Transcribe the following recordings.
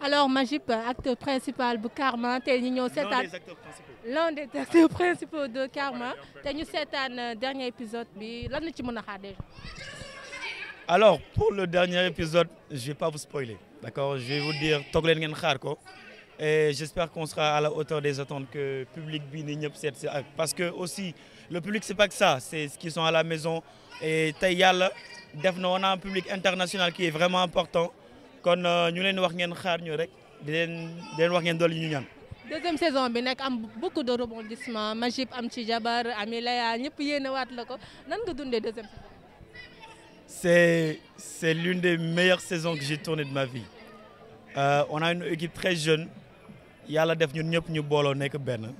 alors Magip acteur principal bu Karma tey ñu ñëw seetaan l'un des acteurs principaux de Karma te ñu seetaan euh, dernier épisode bi lan la ci mën a xaar déjà alors pour le dernier épisode je vais pas vous spoiler d'accord je vous dire toog leen ngeen xaar ko et j'espère qu'on sera à la hauteur des attentes que public bi ni ñëpp seet ak euh, parce que aussi le public c'est pas que ça c'est ce qui sont à la maison et tey yàlla def na on a un public international qui est vraiment kon euh, ñu leen wax ngeen xaar ñu rek di leen di leen wax ngeen dolli ñu ñaan. deuxième saison bi nag am beaucoup de rebondissement Majib am ci jabar ami laya ñëpp yéene waat la ko nan nga dundee deuxième saison. c'est c'est l'une des meilleures saisons que j'ai tourné de ma vie euh, on a une équipe très jeune yàlla def ñun ñëpp ñu booloo nekk benn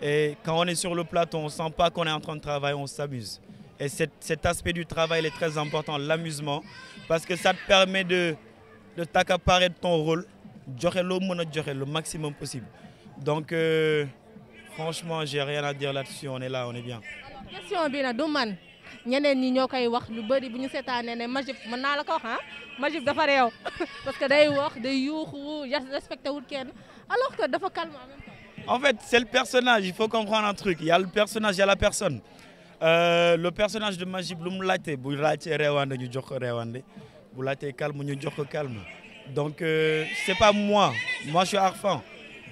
et quand on est sur le plateau on sent pas qu'on est en train de travailler on s'amuse et cet cet aspect du travail il est très important l'amusement parce que ça te permet de de t'accaparer de ton rôle joxe loo mën a joxe le maximum possible donc euh, franchement j'ai rien à dire là-dessus on est là on est bien. question bi nag du man ñeneen ñi ñoo koy wax lu bëri bu ñu seetaanee ne Majib mën naa la ko wax ah Majib dafa réew parce que day wax day yuuxu respecté wul kenn alors que dafa calme en même temps. en fait c'est le personnage il faut comprendre un truc il a le personnage il la personne euh, le personnage de Majib lu mu laajte bu laajtee réewande ñu jox ko réewande bu laajtee calme ñu jox ko calme donc euh, c'est pas moi moi je Arfan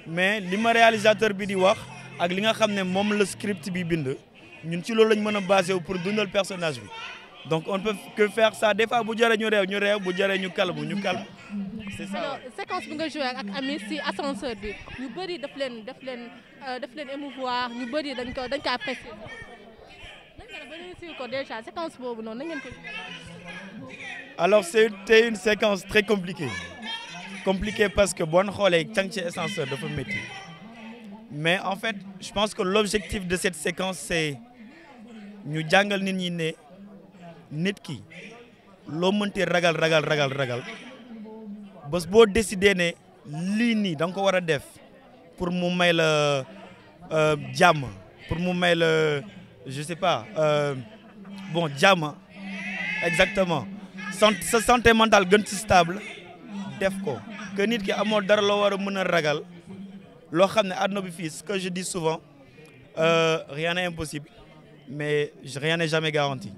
mais li ma réalisateur bi di wax ak li nga xam ne moom la script bi bind ñun si loolu lañ mën a basé wu pour dundal personnage bi donc on ne peut que faire ça des fois bu jaree ñu réew ñu réew bu jëree ñu calme ñu calme c'est bi nga joué ak Ami si ascenseur bi ñu bëri daf leen daf leen euh, daf leen émouvoir ñu bëri dañ ko dañ ko apprécier dañ ko def ko déjà séquence boobu noonu nañ ngeen ko alors c'était une séquence très compliquée parce que boo xoolee càng ci ascenseur dafa métti mais en fait je pense que l'objectif de cette séquence c'est ñu jàngal ni ñi ne nit ki loo mënti ragal ragal ragal ragal bés boo décidé ne lii nii da nga ko war a def pour mu may la euh, jàmm pour mu may la je sais pas euh, bon jàmm exactement sant sa santé mentale gën ci stable def ko que nit ki amoo dara loo war a mën a ragal loo xam ne àdduna fii ce que je dis souvent euh, rien n'est impossible mais rien n'est jamais garanti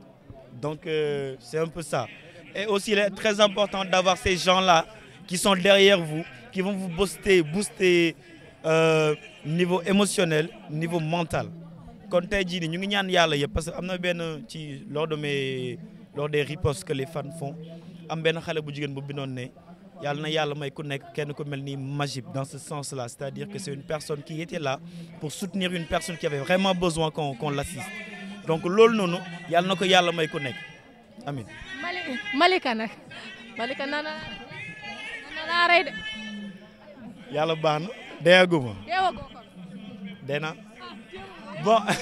donc euh, c'est un peu ça et aussi il est très important d'avoir ces gens-là qui sont derrière vous qui vont vous booster booster euh, niveau émotionnel niveau mental kon te jii ni ñu ngi ñaan yàlla yëpp parce que am na benn ci lors de mes lors des ripostes que les fans font am benn xale bu jigéen bu bindoon ne yàlla na yàlla may ku nekk kenn ku mel ni Magib dans ce sens là c' est à dire que c' est une personne qui était là pour soutenir une personne qui avait vraiment besoin qu'on qu'on l'assiste donc loolu noonu yàlla na ko yàlla may ku nekk amin Malika nag Malika nana nana rey de. yàlla baax na. deeaguma. deeaguma. dee na bon. Ah,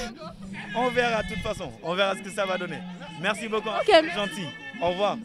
on verra de toute façon. On verra ce que ça va donner. Merci beaucoup. Okay. Gentil. Au revoir.